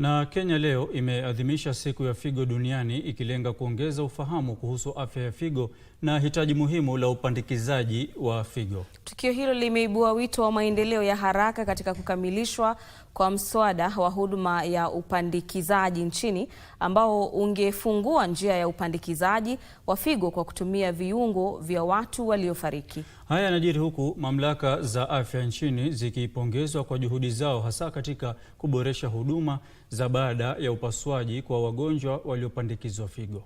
Na Kenya leo imeadhimisha siku ya figo duniani ikilenga kuongeza ufahamu kuhusu afya ya figo na hitaji muhimu la upandikizaji wa figo. Tukio hilo limeibua wito wa maendeleo ya haraka katika kukamilishwa kwa mswada wa huduma ya upandikizaji nchini ambao ungefungua njia ya upandikizaji wa figo kwa kutumia viungo vya watu waliofariki. Haya yanajiri huku mamlaka za afya nchini zikipongezwa kwa juhudi zao hasa katika kuboresha huduma za baada ya upasuaji kwa wagonjwa waliopandikizwa figo.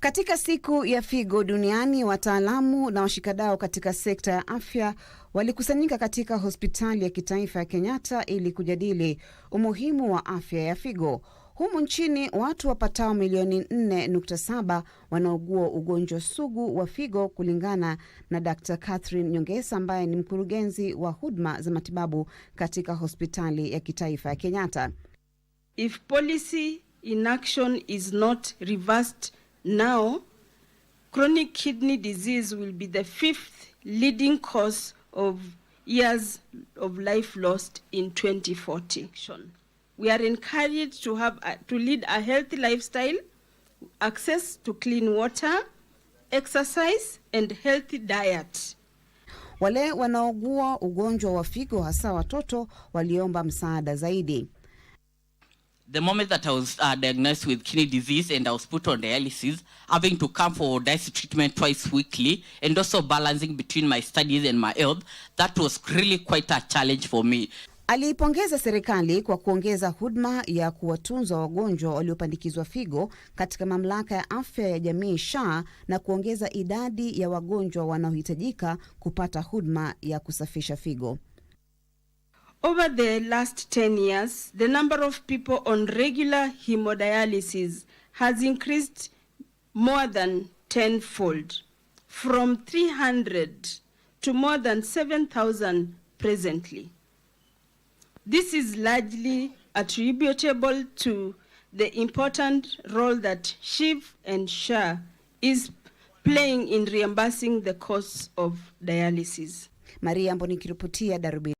Katika siku ya figo duniani, wataalamu na washikadau katika sekta ya afya walikusanyika katika hospitali ya kitaifa ya Kenyatta ili kujadili umuhimu wa afya ya figo. Humu nchini watu wapatao milioni 4.7 wanaogua ugonjwa sugu wa figo, kulingana na Dr Catherine Nyongesa ambaye ni mkurugenzi wa huduma za matibabu katika hospitali ya kitaifa ya Kenyatta. If policy inaction is not reversed now, chronic kidney disease will be the fifth leading cause of years of life lost in 2040. We are encouraged to, have a, to lead a healthy lifestyle, access to clean water, exercise and healthy diet. Wale wanaogua ugonjwa wa figo hasa watoto waliomba msaada zaidi. The moment that I was uh, diagnosed with kidney disease and I was put on dialysis, having to come for dialysis treatment twice weekly and also balancing between my studies and my health, that was really quite a challenge for me. Aliipongeza serikali kwa kuongeza huduma ya kuwatunza wagonjwa waliopandikizwa figo katika mamlaka ya afya ya jamii SHA na kuongeza idadi ya wagonjwa wanaohitajika kupata huduma ya kusafisha figo. Over the last 10 years, the number of people on regular hemodialysis has increased more than tenfold from 300 to more than 7,000 presently. This is largely attributable to the important role that SHIF and SHA is playing in reimbursing the costs of dialysis. Maria Mboni nikiripotia Darubini.